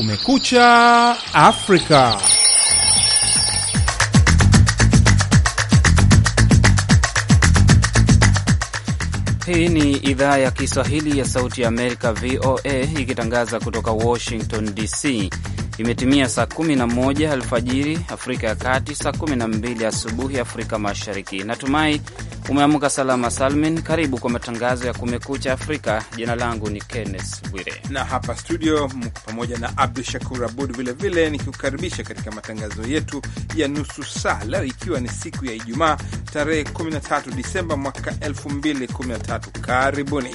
Kumekucha Afrika. Hii ni idhaa ya Kiswahili ya Sauti ya Amerika, VOA, ikitangaza kutoka Washington DC. Imetimia saa 11 alfajiri Afrika ya Kati, saa 12 asubuhi Afrika Mashariki. Natumai Umeamka salama Salmin, karibu kwa matangazo ya Kumekucha Afrika. Jina langu ni Kenneth Bwire na hapa studio mko pamoja na Abdu Shakur Abud vilevile nikikukaribisha katika matangazo yetu ya nusu saa leo, ikiwa ni siku ya Ijumaa tarehe 13 Disemba mwaka 2013. Karibuni.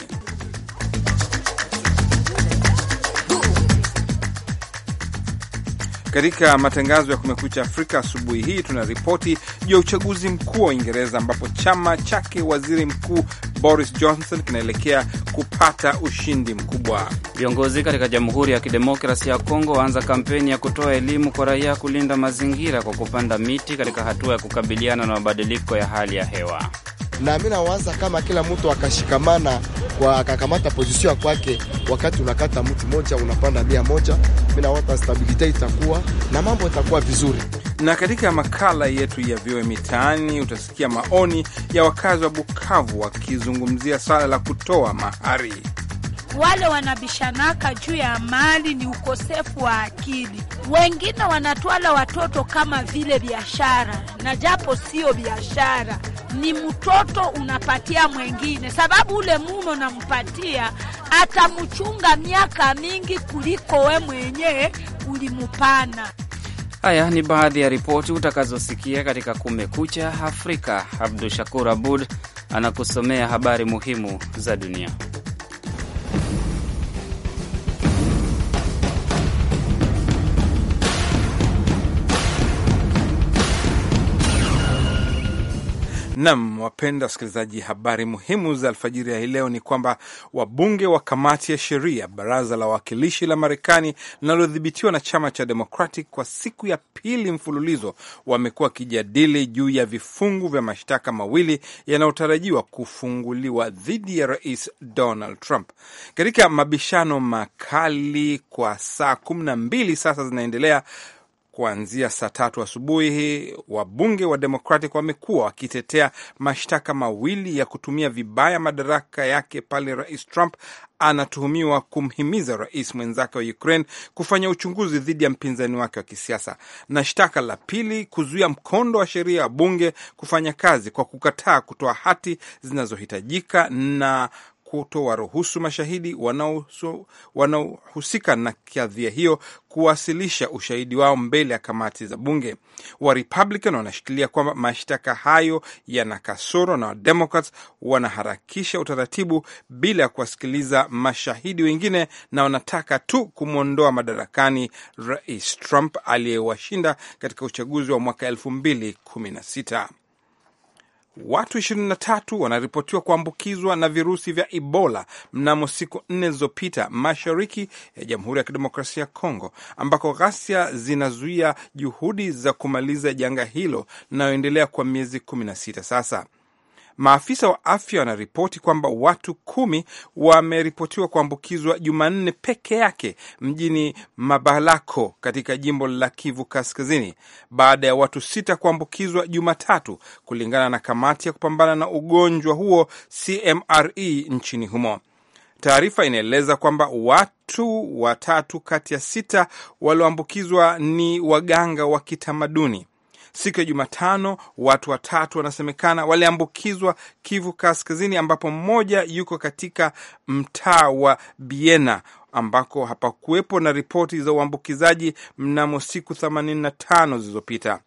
Katika matangazo ya Kumekucha Afrika asubuhi hii tuna ripoti juu ya uchaguzi mkuu wa Uingereza ambapo chama chake waziri mkuu Boris Johnson kinaelekea kupata ushindi mkubwa. Viongozi katika Jamhuri ya Kidemokrasia ya Kongo waanza kampeni ya kutoa elimu kwa raia kulinda mazingira kwa kupanda miti katika hatua ya kukabiliana na mabadiliko ya hali ya hewa. Na mi nawaza kama kila mtu akashikamana kwa akakamata position ya kwake. Wakati unakata mtu moja unapanda mia moja, mimi naona stabilite itakuwa na mambo itakuwa vizuri. Na katika makala yetu ya vyoe mitaani utasikia maoni ya wakazi wa Bukavu wakizungumzia swala la kutoa mahari. Wale wanabishanaka juu ya mali ni ukosefu wa akili. Wengine wanatwala watoto kama vile biashara, na japo sio biashara ni mtoto unapatia mwengine, sababu ule mume unampatia atamuchunga miaka mingi kuliko we mwenyewe ulimupana. Haya ni baadhi ya ripoti utakazosikia katika Kumekucha Afrika. Abdu Shakur Abud anakusomea habari muhimu za dunia. Nam, wapenda wasikilizaji, habari muhimu za alfajiri ya hii leo ni kwamba wabunge wa kamati ya sheria baraza la wawakilishi la Marekani linalodhibitiwa na chama cha Democratic kwa siku ya pili mfululizo wamekuwa wakijadili juu ya vifungu vya mashtaka mawili yanayotarajiwa kufunguliwa dhidi ya Rais Donald Trump katika mabishano makali kwa saa kumi na mbili sasa zinaendelea kuanzia saa tatu asubuhi wa wabunge wa Demokratic wamekuwa wakitetea mashtaka mawili ya kutumia vibaya madaraka yake pale Rais Trump anatuhumiwa kumhimiza rais mwenzake wa Ukraine kufanya uchunguzi dhidi ya mpinzani wake wa kisiasa, na shtaka la pili kuzuia mkondo wa sheria ya bunge kufanya kazi kwa kukataa kutoa hati zinazohitajika na kutowaruhusu mashahidi wanaohusika na kadhia hiyo kuwasilisha ushahidi wao mbele ya kamati za bunge. Wa Republican wanashikilia kwamba mashtaka hayo yana kasoro na Wademokrats wanaharakisha utaratibu bila ya kuwasikiliza mashahidi wengine, na wanataka tu kumwondoa madarakani Rais Trump aliyewashinda katika uchaguzi wa mwaka elfu mbili kumi na sita. Watu 23 wanaripotiwa kuambukizwa na virusi vya Ebola mnamo siku nne zilizopita mashariki ya Jamhuri ya Kidemokrasia ya Kongo, ambako ghasia zinazuia juhudi za kumaliza janga hilo linayoendelea kwa miezi 16 sasa. Maafisa wa afya wanaripoti kwamba watu kumi wameripotiwa kuambukizwa Jumanne peke yake mjini Mabalako katika jimbo la Kivu Kaskazini, baada ya watu sita kuambukizwa Jumatatu, kulingana na kamati ya kupambana na ugonjwa huo CMRE nchini humo. Taarifa inaeleza kwamba watu watatu kati ya sita walioambukizwa ni waganga wa kitamaduni. Siku ya Jumatano, watu watatu wanasemekana waliambukizwa Kivu Kaskazini, ambapo mmoja yuko katika mtaa wa Biena ambako hapakuwepo na ripoti za uambukizaji mnamo siku 85 zilizopita.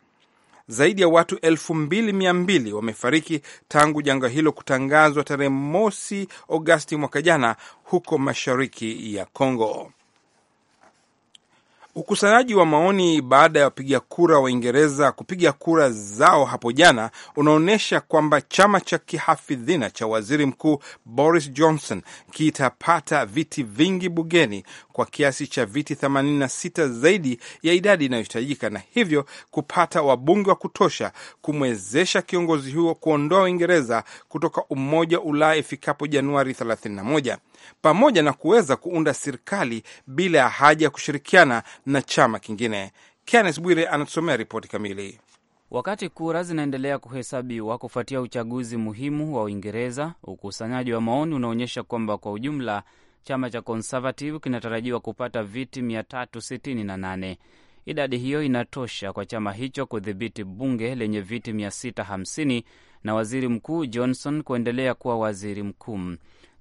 Zaidi ya watu 22 wamefariki tangu janga hilo kutangazwa tarehe mosi Agosti mwaka jana huko mashariki ya congo Ukusanyaji wa maoni baada ya wapiga kura wa Uingereza kupiga kura zao hapo jana unaonyesha kwamba chama cha kihafidhina cha waziri mkuu Boris Johnson kitapata viti vingi bungeni kwa kiasi cha viti 86 zaidi ya idadi inayohitajika, na hivyo kupata wabunge wa kutosha kumwezesha kiongozi huo kuondoa Uingereza kutoka Umoja wa Ulaya ifikapo Januari 31 pamoja na kuweza kuunda serikali bila ya haja ya kushirikiana na chama kingine. Kenneth Bwire anatusomea ripoti kamili. Wakati kura zinaendelea kuhesabiwa kufuatia uchaguzi muhimu wa Uingereza, ukusanyaji wa maoni unaonyesha kwamba kwa ujumla chama cha Conservative kinatarajiwa kupata viti 368. Idadi hiyo inatosha kwa chama hicho kudhibiti bunge lenye viti 650 na waziri mkuu Johnson kuendelea kuwa waziri mkuu.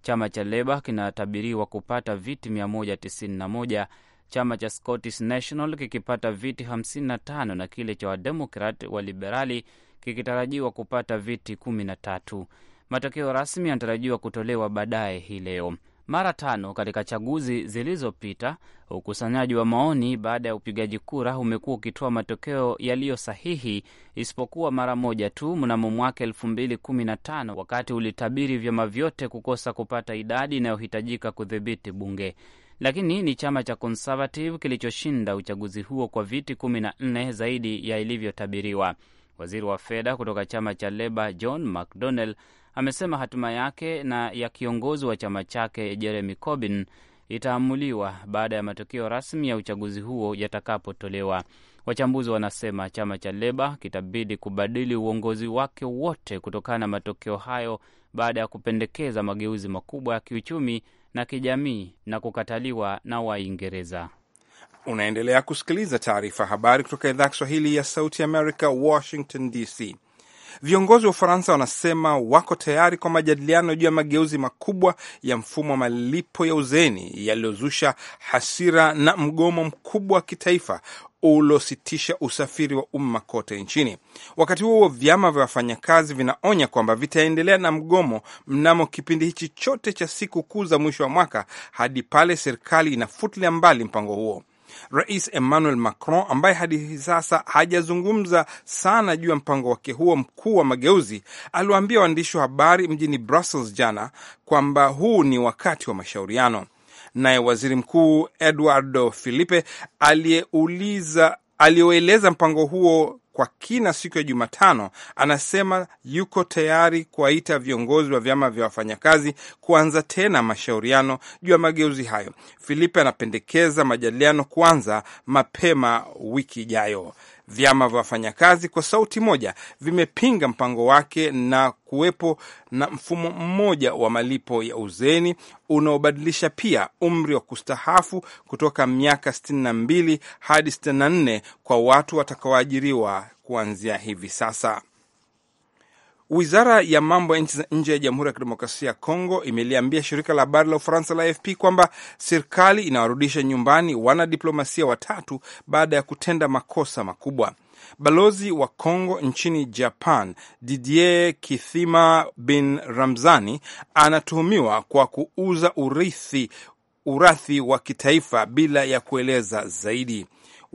Chama cha Leba kinatabiriwa kupata viti 191, chama cha Scottish National kikipata viti 55 na kile cha Wademokrat wa Liberali kikitarajiwa kupata viti 13. Matokeo rasmi yanatarajiwa kutolewa baadaye hii leo mara tano katika chaguzi zilizopita. Ukusanyaji wa maoni baada ya upigaji kura umekuwa ukitoa matokeo yaliyo sahihi, isipokuwa mara moja tu mnamo mwaka elfu mbili kumi na tano wakati ulitabiri vyama vyote kukosa kupata idadi inayohitajika kudhibiti bunge lakini ni chama cha Conservative kilichoshinda uchaguzi huo kwa viti kumi na nne zaidi ya ilivyotabiriwa. Waziri wa fedha kutoka chama cha Leba John McDonnell amesema hatima yake na ya kiongozi wa chama chake Jeremy Corbyn itaamuliwa baada ya matokeo rasmi ya uchaguzi huo yatakapotolewa. Wachambuzi wanasema chama cha Leba kitabidi kubadili uongozi wake wote kutokana na matokeo hayo baada ya kupendekeza mageuzi makubwa ya kiuchumi na kijamii na kukataliwa na Waingereza. Unaendelea kusikiliza taarifa habari kutoka idhaa ya Kiswahili ya Sauti Amerika, Washington DC. Viongozi wa Ufaransa wanasema wako tayari kwa majadiliano juu ya mageuzi makubwa ya mfumo wa malipo ya uzeeni yaliyozusha hasira na mgomo mkubwa wa kitaifa ulositisha usafiri wa umma kote nchini. Wakati huo vyama vya wafanyakazi vinaonya kwamba vitaendelea na mgomo mnamo kipindi hichi chote cha siku kuu za mwisho wa mwaka hadi pale serikali inafutilia mbali mpango huo. Rais Emmanuel Macron ambaye hadi sasa hajazungumza sana juu ya mpango wake huo mkuu wa mageuzi, aliwaambia waandishi wa habari mjini Brussels jana kwamba huu ni wakati wa mashauriano. Naye waziri mkuu Eduardo Filipe aliyeuliza aliyoeleza mpango huo kwa kina siku ya Jumatano, anasema yuko tayari kuwaita viongozi wa vyama vya wafanyakazi kuanza tena mashauriano juu ya mageuzi hayo. Filipe anapendekeza majadiliano kuanza mapema wiki ijayo. Vyama vya wafanyakazi kwa sauti moja vimepinga mpango wake na kuwepo na mfumo mmoja wa malipo ya uzeni unaobadilisha pia umri wa kustahafu kutoka miaka 62 hadi 64 kwa watu watakaoajiriwa kuanzia hivi sasa. Wizara ya mambo ya nchi za nje ya Jamhuri ya Kidemokrasia ya Kongo imeliambia shirika la habari la Ufaransa la AFP kwamba serikali inawarudisha nyumbani wanadiplomasia watatu baada ya kutenda makosa makubwa. Balozi wa Kongo nchini Japan, Didier Kithima bin Ramzani, anatuhumiwa kwa kuuza urithi urathi wa kitaifa bila ya kueleza zaidi.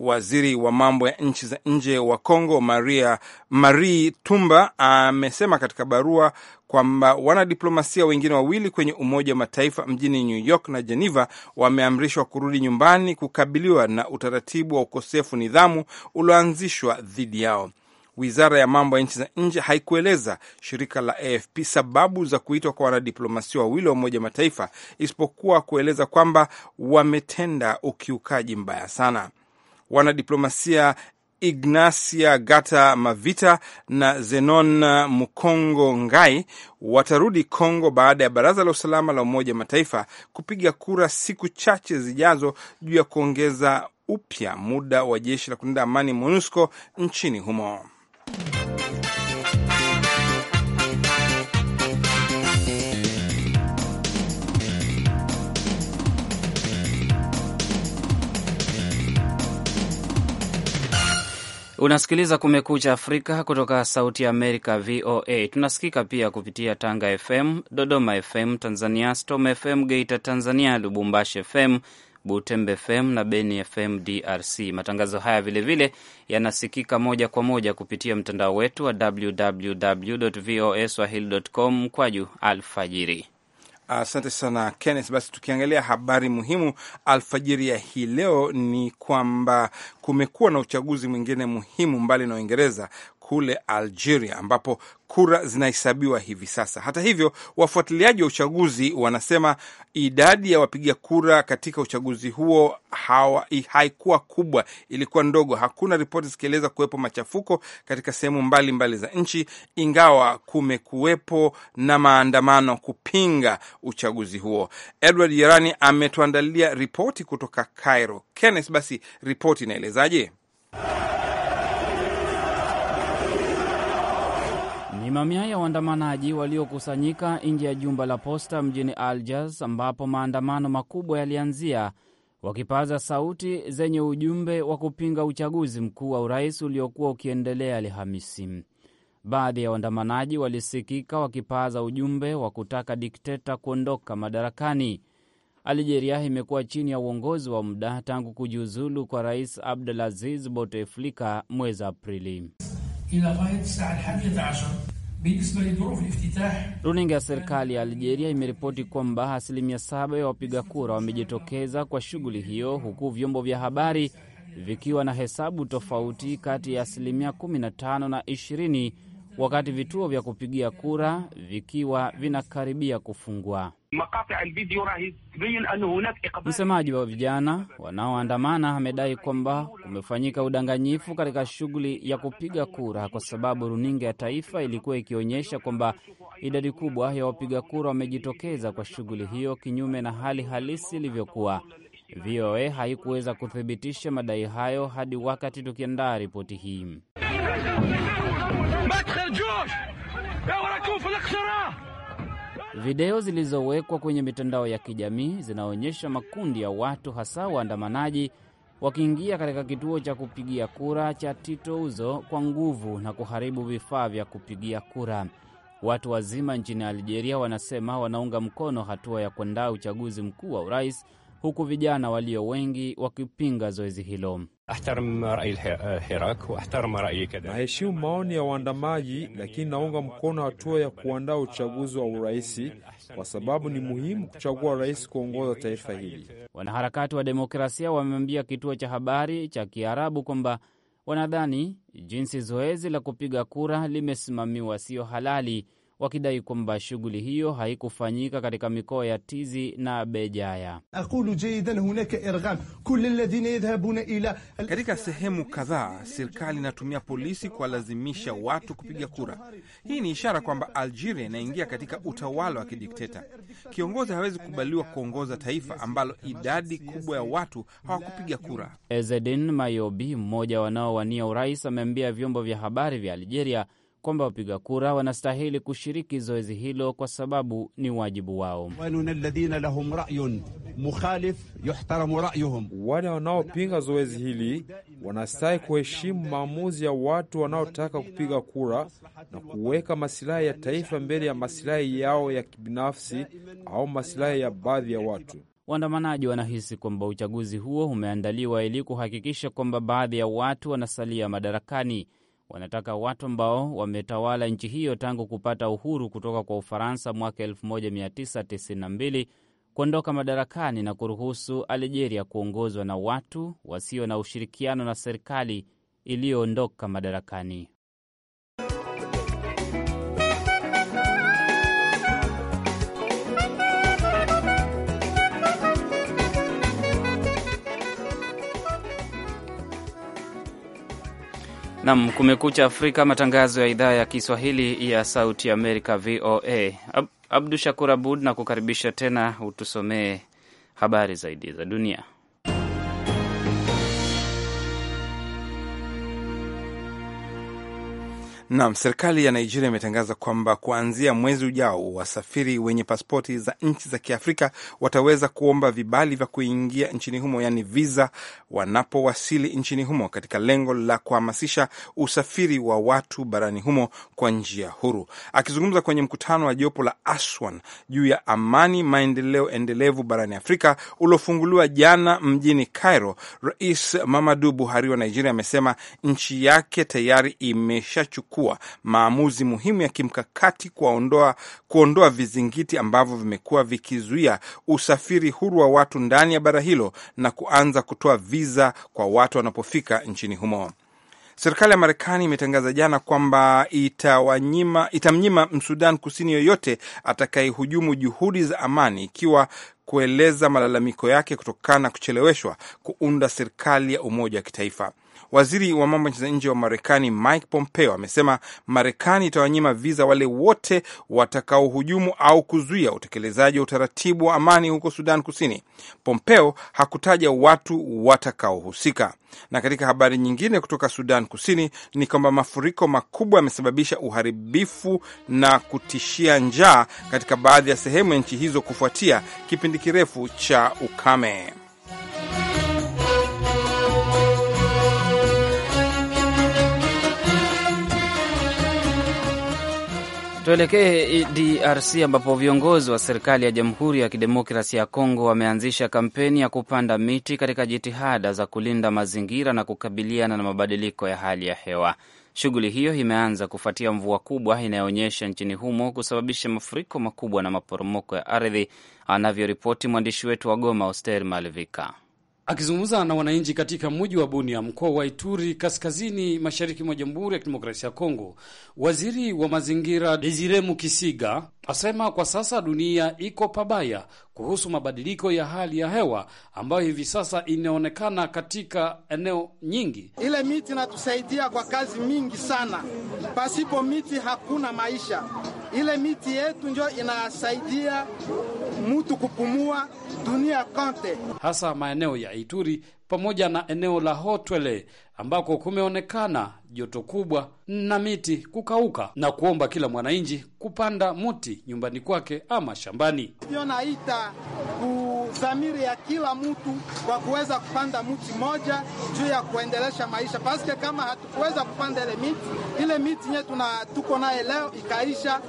Waziri wa mambo ya nchi za nje wa Kongo Maria Marie Tumba amesema katika barua kwamba wanadiplomasia wengine wawili kwenye Umoja wa Mataifa mjini New York na Geneva wameamrishwa kurudi nyumbani kukabiliwa na utaratibu wa ukosefu nidhamu ulioanzishwa dhidi yao. Wizara ya mambo ya nchi za nje haikueleza shirika la AFP sababu za kuitwa kwa wanadiplomasia wawili wa Umoja wa Mataifa isipokuwa kueleza kwamba wametenda ukiukaji mbaya sana wanadiplomasia Ignacia Gata Mavita na Zenon Mukongo Ngai watarudi Kongo baada ya Baraza la Usalama la Umoja Mataifa kupiga kura siku chache zijazo juu ya kuongeza upya muda wa jeshi la kulinda amani MONUSCO nchini humo. Unasikiliza Kumekucha Afrika kutoka Sauti ya Amerika, VOA. Tunasikika pia kupitia Tanga FM, Dodoma FM Tanzania, Storm FM Geita Tanzania, Lubumbashi FM, Butembe FM na Beni FM DRC. Matangazo haya vilevile yanasikika moja kwa moja kupitia mtandao wetu wa www voa swahili com mkwaju alfajiri. Asante sana Kenneth. Basi tukiangalia habari muhimu alfajiri ya hii leo ni kwamba kumekuwa na uchaguzi mwingine muhimu mbali na Uingereza kule Algeria ambapo kura zinahesabiwa hivi sasa. Hata hivyo, wafuatiliaji wa uchaguzi wanasema idadi ya wapiga kura katika uchaguzi huo hawa, haikuwa kubwa, ilikuwa ndogo. Hakuna ripoti zikieleza kuwepo machafuko katika sehemu mbalimbali za nchi, ingawa kumekuwepo na maandamano kupinga uchaguzi huo. Edward Yerani ametuandalia ripoti kutoka Cairo. Kenneth, basi ripoti inaelezaje? mamia ya waandamanaji waliokusanyika nje ya jumba la posta mjini Algiers, ambapo maandamano makubwa yalianzia, wakipaza sauti zenye ujumbe wa kupinga uchaguzi mkuu wa urais uliokuwa ukiendelea Alhamisi. Baadhi ya waandamanaji walisikika wakipaza ujumbe wa kutaka dikteta kuondoka madarakani. Algeria imekuwa chini ya uongozi wa muda tangu kujiuzulu kwa rais Abdelaziz Bouteflika mwezi Aprili. Runinga ya serikali ya Algeria imeripoti kwamba asilimia saba ya wapiga kura wamejitokeza kwa shughuli hiyo, huku vyombo vya habari vikiwa na hesabu tofauti kati ya asilimia 15 na wakati vituo vya kupigia kura vikiwa vinakaribia kufungwa. Msemaji wa vijana wanaoandamana amedai kwamba kumefanyika udanganyifu katika shughuli ya kupiga kura, kwa sababu runinga ya taifa ilikuwa ikionyesha kwamba idadi kubwa ya wapiga kura wamejitokeza kwa shughuli hiyo, kinyume na hali halisi ilivyokuwa. VOA haikuweza kuthibitisha madai hayo hadi wakati tukiandaa ripoti hii. Video zilizowekwa kwenye mitandao ya kijamii zinaonyesha makundi ya watu hasa waandamanaji wakiingia katika kituo cha kupigia kura cha Tito Uzo kwa nguvu na kuharibu vifaa vya kupigia kura. Watu wazima nchini Algeria wanasema wanaunga mkono hatua ya kuandaa uchaguzi mkuu wa urais, huku vijana walio wengi wakipinga zoezi hilo. Naheshimu maoni ya waandamaji, lakini naunga mkono hatua ya kuandaa uchaguzi wa uraisi kwa sababu ni muhimu kuchagua rais kuongoza taifa hili. Wanaharakati wa demokrasia wameambia kituo cha habari cha Kiarabu kwamba wanadhani jinsi zoezi la kupiga kura limesimamiwa sio halali wakidai kwamba shughuli hiyo haikufanyika katika mikoa ya Tizi na Bejaya. Katika sehemu kadhaa, serikali inatumia polisi kuwalazimisha watu kupiga kura. Hii ni ishara kwamba Algeria inaingia katika utawala wa kidikteta. Kiongozi hawezi kukubaliwa kuongoza taifa ambalo idadi kubwa ya watu hawakupiga kura. Ezedin Mayobi, mmoja wanaowania urais, ameambia vyombo vya habari vya Algeria kwamba wapiga kura wanastahili kushiriki zoezi hilo kwa sababu ni wajibu wao. Wale wanaopinga zoezi hili wanastahi kuheshimu maamuzi ya watu wanaotaka kupiga kura na kuweka masilahi ya taifa mbele ya masilahi yao ya kibinafsi au masilahi ya baadhi ya watu. Waandamanaji wanahisi kwamba uchaguzi huo umeandaliwa ili kuhakikisha kwamba baadhi ya watu wanasalia madarakani wanataka watu ambao wametawala nchi hiyo tangu kupata uhuru kutoka kwa Ufaransa mwaka 1992 kuondoka madarakani na kuruhusu Algeria kuongozwa na watu wasio na ushirikiano na serikali iliyoondoka madarakani. Nam Kumekucha Afrika, matangazo ya idhaa ya Kiswahili ya Sauti Amerika, VOA. Ab Abdu Shakur Abud na kukaribisha tena, utusomee habari zaidi za dunia. Nam, serikali ya Nigeria imetangaza kwamba kuanzia mwezi ujao wasafiri wenye paspoti za nchi za Kiafrika wataweza kuomba vibali vya kuingia nchini humo, yaani viza, wanapowasili nchini humo katika lengo la kuhamasisha usafiri wa watu barani humo kwa njia huru. Akizungumza kwenye mkutano wa jopo la Aswan juu ya amani maendeleo endelevu barani Afrika uliofunguliwa jana mjini Cairo, Rais Mamadu Buhari wa Nigeria amesema nchi yake tayari imeshachukua kuwa maamuzi muhimu ya kimkakati kuondoa, kuondoa vizingiti ambavyo vimekuwa vikizuia usafiri huru wa watu ndani ya bara hilo na kuanza kutoa viza kwa watu wanapofika nchini humo. Serikali ya Marekani imetangaza jana kwamba itawanyima, itamnyima Msudan Kusini yoyote atakayehujumu juhudi za amani ikiwa kueleza malalamiko yake kutokana na kucheleweshwa kuunda serikali ya umoja wa kitaifa. Waziri wa mambo ya nje wa Marekani Mike Pompeo amesema Marekani itawanyima viza wale wote watakaohujumu au kuzuia utekelezaji wa utaratibu wa amani huko Sudan Kusini. Pompeo hakutaja watu watakaohusika. Na katika habari nyingine kutoka Sudan Kusini ni kwamba mafuriko makubwa yamesababisha uharibifu na kutishia njaa katika baadhi ya sehemu ya nchi hizo kufuatia kipindi kirefu cha ukame. Tuelekee DRC ambapo viongozi wa serikali ya Jamhuri ya Kidemokrasia ya Kongo wameanzisha kampeni ya kupanda miti katika jitihada za kulinda mazingira na kukabiliana na mabadiliko ya hali ya hewa. Shughuli hiyo imeanza kufuatia mvua kubwa inayoonyesha nchini humo kusababisha mafuriko makubwa na maporomoko ya ardhi, anavyoripoti mwandishi wetu wa Goma, Oster Malvika. Akizungumza na wananchi katika mji wa Bunia, mkoa wa Ituri, kaskazini mashariki mwa Jamhuri ya Kidemokrasia ya Kongo, waziri wa mazingira Desire Mukisiga asema kwa sasa dunia iko pabaya kuhusu mabadiliko ya hali ya hewa ambayo hivi sasa inaonekana katika eneo nyingi. Ile miti inatusaidia kwa kazi mingi sana, pasipo miti hakuna maisha. Ile miti yetu njo inasaidia mutu kupumua dunia kote hasa maeneo ya Ituri pamoja na eneo la Hotwele ambako kumeonekana joto kubwa na miti kukauka na kuomba kila mwananchi kupanda muti nyumbani kwake ama shambani. Yo naita dhamiri ya kila mtu kwa kuweza kupanda mti moja juu ya kuendelesha maisha, paske kama hatukuweza kupanda ile miti, ile miti nye tuna tuko naye leo ikaisha,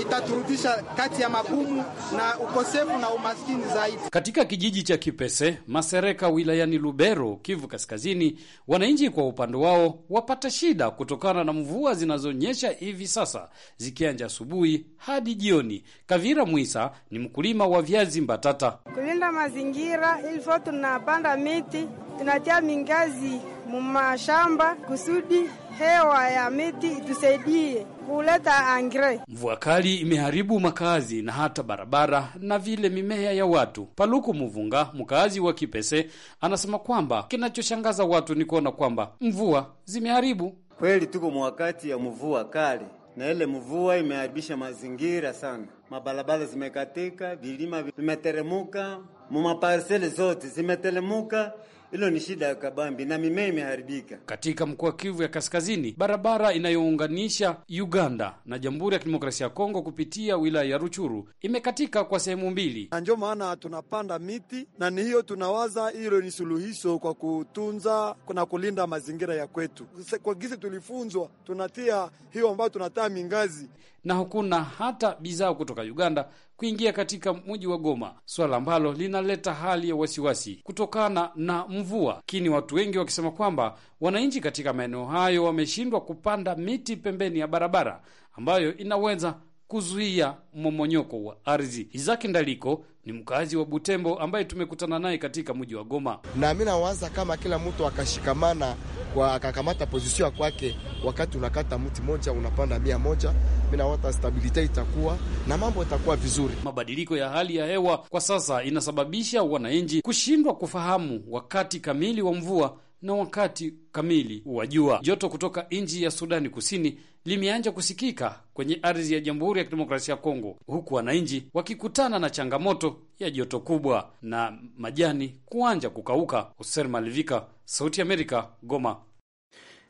itaturudisha kati ya magumu na ukosefu na umaskini zaidi. Katika kijiji cha Kipese Masereka wilayani Lubero, Kivu Kaskazini, wananchi kwa upande wao wapata shida kutokana na mvua zinazonyesha hivi sasa zikianja asubuhi hadi jioni. Kavira Mwisa ni mkulima wa viazi mbatata. Kulinda mazingira, ilifo tunapanda miti, tunatia mingazi mumashamba kusudi hewa ya miti itusaidie kuleta angre. Mvua kali imeharibu makazi na hata barabara na vile mimea ya watu. Paluku Muvunga, mkaazi wa Kipese, anasema kwamba kinachoshangaza watu ni kuona kwamba mvua zimeharibu kweli. Tuko mwakati ya mvua kali na ile mvua imeharibisha mazingira sana, mabarabara zimekatika, vilima vimeteremuka, mumaparsele zote zimetelemuka. Hilo ni shida ya kabambi na mimea imeharibika katika mkoa wa Kivu ya Kaskazini. Barabara inayounganisha Uganda na Jamhuri ya Kidemokrasia ya Kongo kupitia wilaya ya Ruchuru imekatika kwa sehemu mbili, na ndio maana tunapanda miti na ni hiyo tunawaza, hilo ni suluhisho kwa kutunza na kulinda mazingira ya kwetu. Kwa gisi tulifunzwa, tunatia hiyo ambayo tunataa mingazi na hakuna hata bidhaa kutoka Uganda kuingia katika mji wa Goma, swala ambalo linaleta hali ya wasiwasi kutokana na mvua. Lakini watu wengi wakisema kwamba wananchi katika maeneo hayo wameshindwa kupanda miti pembeni ya barabara ambayo inaweza kuzuia mmomonyoko wa ardhi. Izaki Ndaliko ni mkazi wa Butembo ambaye tumekutana naye katika mji wa Goma. Na mi nawaza kama kila mtu akashikamana kwa akakamata pozisio kwake, wakati unakata mti moja unapanda mia moja, mi nawaza stabilite itakuwa na mambo itakuwa vizuri. Mabadiliko ya hali ya hewa kwa sasa inasababisha wananchi kushindwa kufahamu wakati kamili wa mvua na wakati kamili wa jua. Joto kutoka nchi ya Sudani Kusini limeanza kusikika kwenye ardhi ya Jamhuri ya Kidemokrasia ya Kongo, huku wananchi wakikutana na changamoto ya joto kubwa na majani kuanza kukauka. hoser Malivika, Sauti ya Amerika, Goma.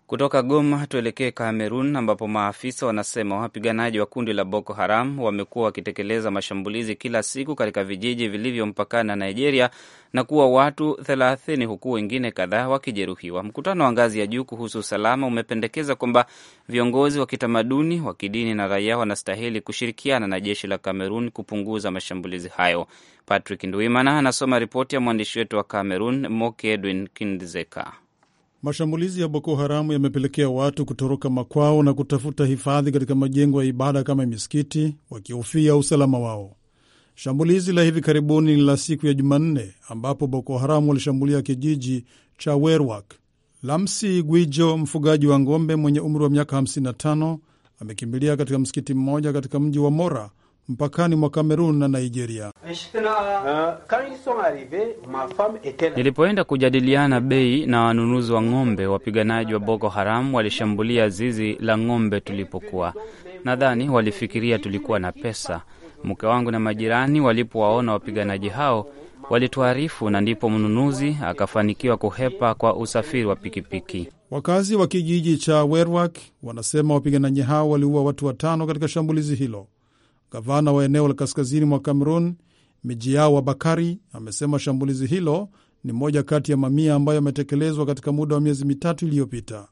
Kutoka Goma tuelekee Kamerun, ambapo maafisa wanasema wapiganaji wa kundi la Boko Haram wamekuwa wakitekeleza mashambulizi kila siku katika vijiji vilivyo mpakani na Nigeria na kuwa watu 30 huku wengine kadhaa wakijeruhiwa. Mkutano wa ngazi ya juu kuhusu usalama umependekeza kwamba viongozi wa kitamaduni, wa kidini na raia wanastahili kushirikiana na jeshi la Kamerun kupunguza mashambulizi hayo. Patrick Ndwimana anasoma ripoti ya mwandishi wetu wa Kamerun, Moke Edwin Kindzeka. Mashambulizi ya Boko Haramu yamepelekea watu kutoroka makwao na kutafuta hifadhi katika majengo ya ibada kama misikiti, wakihofia usalama wao. Shambulizi la hivi karibuni ni la siku ya Jumanne ambapo Boko Haramu walishambulia kijiji cha Werwak. Lamsi Gwijo, mfugaji wa ng'ombe mwenye umri wa miaka 55, amekimbilia katika msikiti mmoja katika mji wa Mora mpakani mwa Kamerun na Nigeria. Nilipoenda kujadiliana bei na wanunuzi wa ng'ombe, wapiganaji wa Boko Haram walishambulia zizi la ng'ombe tulipokuwa. Nadhani walifikiria tulikuwa na pesa. Mke wangu na majirani walipowaona wapiganaji hao walituarifu na ndipo mnunuzi akafanikiwa kuhepa kwa usafiri wa pikipiki. Wakazi wa kijiji cha Werwak wanasema wapiganaji hao waliua watu watano katika shambulizi hilo. Gavana wa eneo la kaskazini mwa Cameroon wa Bakari amesema shambulizi hilo ni moja kati ya mamia ambayo yametekelezwa katika muda wa miezi mitatu iliyopita.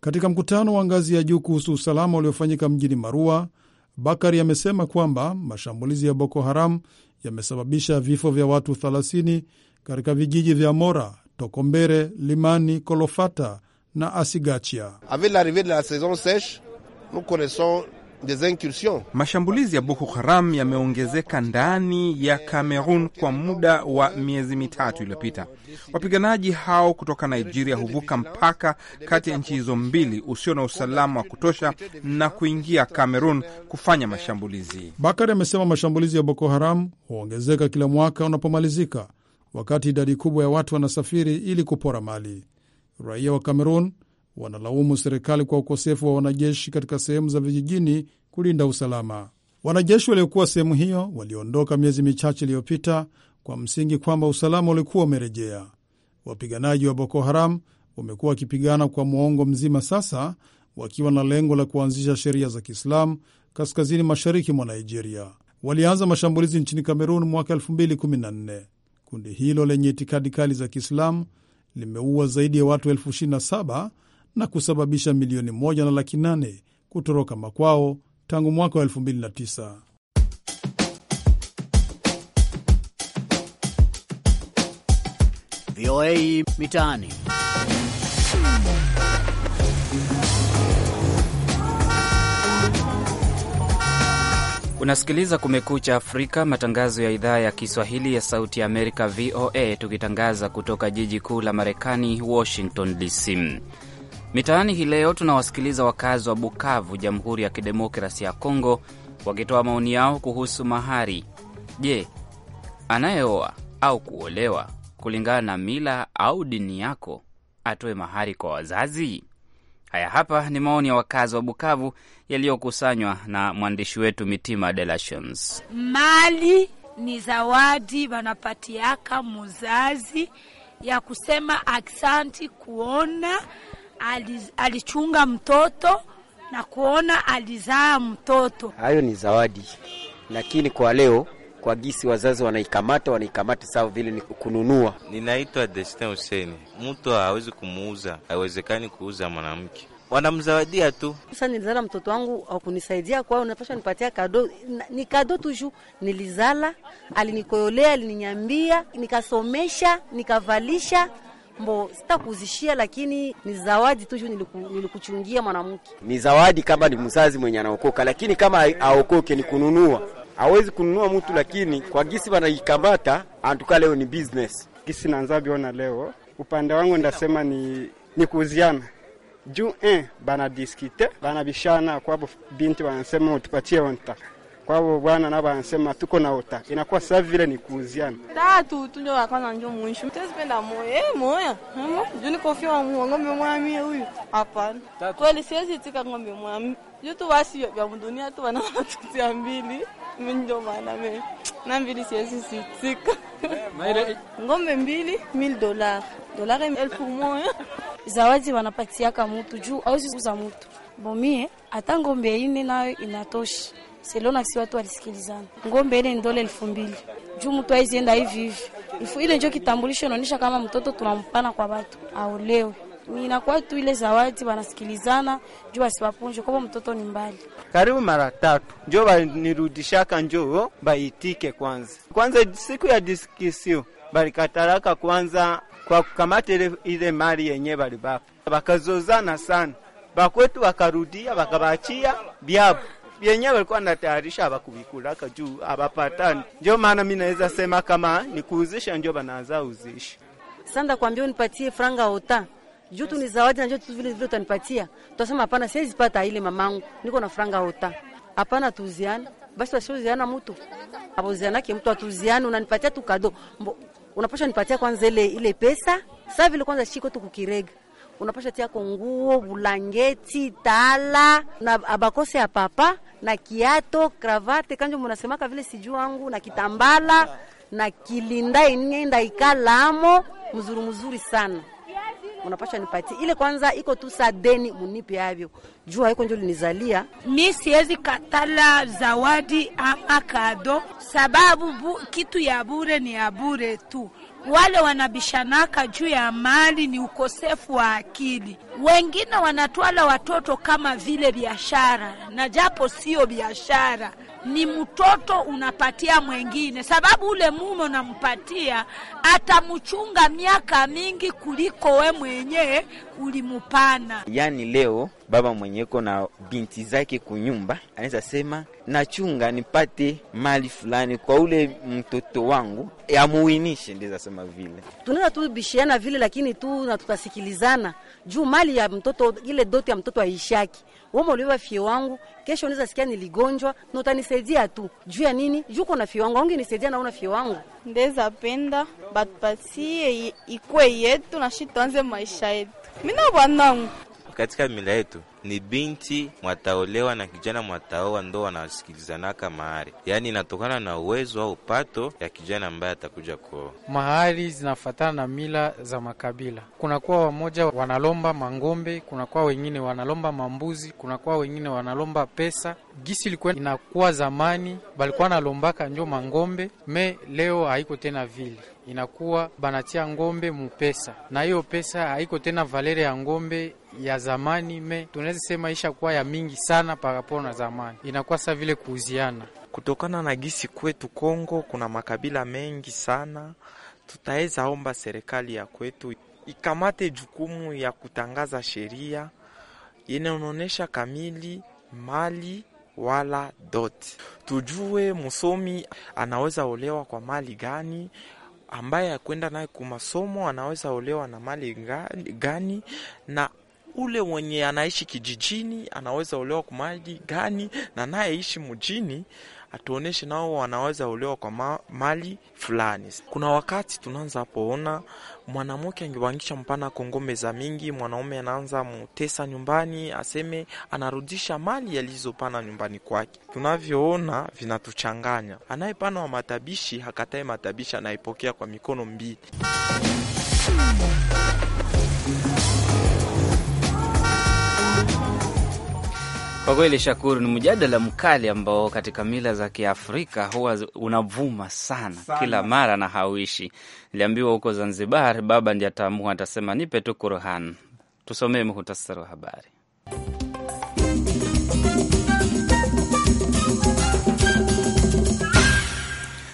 Katika mkutano wa ngazi ya juu kuhusu usalama uliofanyika mjini Marua, Bakari amesema kwamba mashambulizi ya Boko Haram yamesababisha vifo vya watu 30 katika vijiji vya Mora, Tokombere, Limani, Kolofata na Asigachia. Mashambulizi ya Boko Haram yameongezeka ndani ya Kamerun kwa muda wa miezi mitatu iliyopita. Wapiganaji hao kutoka Nigeria huvuka mpaka kati ya nchi hizo mbili usio na usalama wa kutosha na kuingia Kamerun kufanya mashambulizi. Bakari amesema mashambulizi ya Boko Haram huongezeka kila mwaka unapomalizika, wakati idadi kubwa ya watu wanasafiri ili kupora mali. Raia wa Kamerun wanalaumu serikali kwa ukosefu wa wanajeshi katika sehemu za vijijini kulinda usalama. Wanajeshi waliokuwa sehemu hiyo waliondoka miezi michache iliyopita kwa msingi kwamba usalama ulikuwa umerejea. Wapiganaji wa Boko Haram wamekuwa wakipigana kwa muongo mzima sasa, wakiwa na lengo la kuanzisha sheria za Kiislamu kaskazini mashariki mwa Nigeria. Walianza mashambulizi nchini Kamerun mwaka 2014. Kundi hilo lenye itikadi kali za Kiislamu limeua zaidi ya watu elfu 27 na kusababisha milioni moja na laki nane kutoroka makwao tangu mwaka wa 2009. VOA Mitaani. Unasikiliza Kumekucha Afrika, matangazo ya idhaa ya Kiswahili ya Sauti ya Amerika, VOA, tukitangaza kutoka jiji kuu la Marekani, Washington DC. Mitaani hii leo tunawasikiliza wakazi wa Bukavu, Jamhuri ya Kidemokrasi ya Kongo, wakitoa maoni yao kuhusu mahari. Je, anayeoa au kuolewa kulingana na mila au dini yako atoe mahari kwa wazazi? Haya hapa ni maoni ya wakazi wa Bukavu yaliyokusanywa na mwandishi wetu Mitima Delations. Mali ni zawadi wanapatiaka muzazi ya kusema aksanti kuona alichunga mtoto na kuona alizaa mtoto. Hayo ni zawadi, lakini kwa leo kwa gisi wazazi wanaikamata wanaikamata sawa vile ni kununua. Ninaitwa Destin Huseni. Mtu hawezi kumuuza, haiwezekani kuuza mwanamke, wanamzawadia tu. Sasa nilizala mtoto wangu akunisaidia, kwa napasha unapasha nipatia kado, ni kado tuju. Nilizala, alinikoyolea, alininyambia, nikasomesha, nikavalisha mbo sitakuzishia, lakini ni zawadi tu, niliku, nilikuchungia mwanamke. Ni zawadi kama ni mzazi mwenye anaokoka, lakini kama aokoke ni kununua, hawezi kununua mtu, lakini kwa gisi wanaikamata antuka. Leo ni business gisi nanza biona leo, upande wangu ndasema ni, ni kuuziana juu eh, bana diskite bana bishana kwa binti wanasema utupatie wanataka kwa abo bwana na bansema tuko na ota inakuwa sawa vile ni kuuziana tatu tu ndio kwanza ndio mwisho mtazipenda moyo eh moyo hmm? juu ni kofia wa ng'ombe moja mie huyu hapana kweli siwezi tika ng'ombe moja juu tu basi ya dunia tu wana watu mbili mimi ndio maana mimi na mbili siwezi sitika eh, ng'ombe mbili 1000 dollars dollars elfu moja zawadi wanapatiaka mtu juu au siuza mtu bomie hata ng'ombe ine nayo inatosha Selona si watu walisikilizana. Ngombe ile ndole elfu mbili juu mtu aizienda hivi hivi ifu ile njo kitambulisho inaonyesha kama mtoto tunampana kwa watu aolewe. Inakuwa tu ile zawadi wanasikilizana juu asiwapunje kwa mtoto ni mbali. Karibu mara tatu njo banirudishaka njoo baitike kwanza. Kwanza siku ya diskisio balikataraka kwanza kwa kukamata ile, ile mali yenye balibapa. Bakazozana sana. Bakwetu wakarudia bakabachia byabo yenyewe walikuwa natayarisha abakubikulaka juu abapatani. Ndio maana mimi naweza sema kama ni kuuzisha, ndio banaanza uzishi. Sanda kwambia unipatie franga ota juu tu ni zawadi na tu vile vile utanipatia, tutasema hapana, siwezi pata ile mamangu, niko na franga ota. Hapana, tuuziane basi, wasiuziana mtu abozianake mtu atuziane, unanipatia tu kado, unapasha nipatia kwanza ile ile pesa. Sasa vile kwanza shiko tu kukirega unapasha tiako nguo, bulangeti, tala na abakose ya papa na kiato, kravate kanjo munasemaka vile sijuu wangu na kitambala na kilinda inenda ikalamo mzuri mzuri sana unapasha nipatie ile kwanza, iko tu sa deni munipe avyo jua iko njo linizalia mi. Siwezi katala zawadi ama kado, sababu bu, kitu ya bure ni ya bure tu wale wanabishanaka juu ya mali ni ukosefu wa akili. Wengine wanatwala watoto kama vile biashara, na japo sio biashara ni mtoto unapatia mwengine, sababu ule mume unampatia atamchunga miaka mingi kuliko we mwenyewe ulimupana. Yani leo baba mwenyeko na binti zake kunyumba, anaweza sema nachunga nipate mali fulani kwa ule mtoto wangu amuinishe, ndiza sema vile tunaweza tubishiana vile, lakini tu na tutasikilizana juu mali ya mtoto ile doti ya mtoto aishaki wewe uliwa fio wangu, kesho unaweza sikia niligonjwa na utanisaidia tu. Juu ya nini? Juko na fio wangu, ungenisaidia na una fio wangu. Ndeza penda batupatie ikwe yetu na shi tuanze maisha yetu. mina wanangu katika mila yetu ni binti mwataolewa na kijana mwataoa, ndo wanasikilizanaka mahari. Yaani inatokana na uwezo au pato ya kijana ambaye atakuja kuoa. Mahari zinafatana na mila za makabila. Kunakuwa wamoja wanalomba mangombe, kunakuwa wengine wanalomba mambuzi, kunakuwa wengine wanalomba pesa. Gisi ilikuwa inakuwa zamani, balikuwa nalombaka njo mangombe me, leo haiko tena vile inakuwa banatia ngombe mupesa, na hiyo pesa haiko tena valere ya ngombe ya zamani, me tunaweza sema isha kuwa ya mingi sana parapo na zamani, inakuwa sa vile kuuziana kutokana na gisi kwetu Kongo kuna makabila mengi sana. Tutaweza omba serikali ya kwetu ikamate jukumu ya kutangaza sheria inaonyesha kamili mali wala dot tujue msomi anaweza olewa kwa mali gani, ambaye akwenda naye kumasomo anaweza olewa na mali gani, na ule mwenye anaishi kijijini anaweza olewa kwa mali gani, na nayeishi mjini atuoneshe nao wanaweza olewa kwa ma mali fulani. Kuna wakati tunaanza poona mwanamke angewangisha mpana kongome za mingi, mwanaume anaanza mutesa nyumbani, aseme anarudisha mali yalizopana nyumbani kwake. Tunavyoona vinatuchanganya. Anayepana wa matabishi hakatae matabishi, anaipokea kwa mikono mbili Kwa kweli Shakuru, ni mjadala mkali ambao katika mila za Kiafrika huwa unavuma sana, sana kila mara na hauishi. Niliambiwa huko Zanzibar baba ndiye ataamua, atasema nipe tu Kurhan. Tusomee muhtasari wa habari.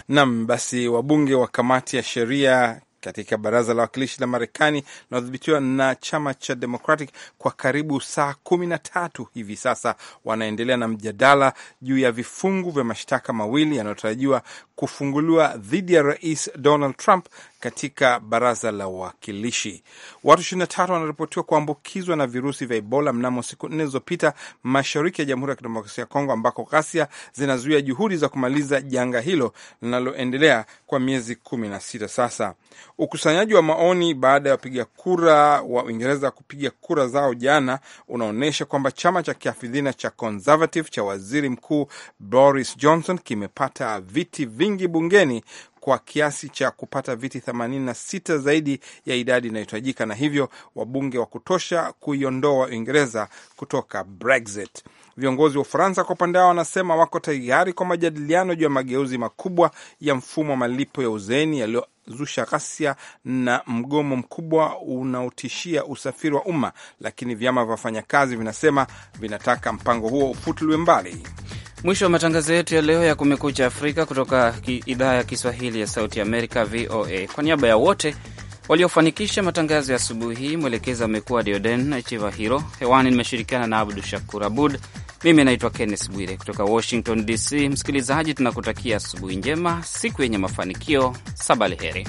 Nam, basi wabunge wa kamati ya sheria katika baraza la wakilishi la Marekani linalodhibitiwa na chama cha Democratic kwa karibu saa kumi na tatu hivi sasa, wanaendelea na mjadala juu ya vifungu vya mashtaka mawili yanayotarajiwa kufunguliwa dhidi ya rais Donald Trump katika baraza la wawakilishi. Watu 23 wanaripotiwa kuambukizwa na virusi vya Ebola mnamo siku nne zilizopita mashariki ya Jamhuri ya Kidemokrasia ya Kongo, ambako ghasia zinazuia juhudi za kumaliza janga hilo linaloendelea kwa miezi sita sasa. Ukusanyaji wa maoni baada ya wapiga kura wa Uingereza kupiga kura zao jana unaonyesha kwamba chama cha kiafidhina cha Conservative cha waziri mkuu Boris Johnson kimepata viti vingi vingi bungeni kwa kiasi cha kupata viti 86 zaidi ya idadi inayohitajika, na hivyo wabunge wa kutosha kuiondoa Uingereza kutoka Brexit. Viongozi wa Ufaransa kwa upande wao wanasema wako tayari kwa majadiliano juu ya mageuzi makubwa ya mfumo wa malipo ya uzeeni yaliyozusha ghasia na mgomo mkubwa unaotishia usafiri wa umma, lakini vyama vya wafanyakazi vinasema vinataka mpango huo ufutuliwe mbali. Mwisho wa matangazo yetu ya leo ya Kumekucha Afrika kutoka idhaa ya Kiswahili ya Sauti Amerika, VOA. Kwa niaba ya wote waliofanikisha matangazo ya asubuhi hii, mwelekezi amekuwa Dioden na Chiva Hiro. Hewani nimeshirikiana na Abdu Shakur Abud. Mimi naitwa Kenneth Bwire kutoka Washington DC. Msikilizaji, tunakutakia asubuhi njema, siku yenye mafanikio. Sabalheri.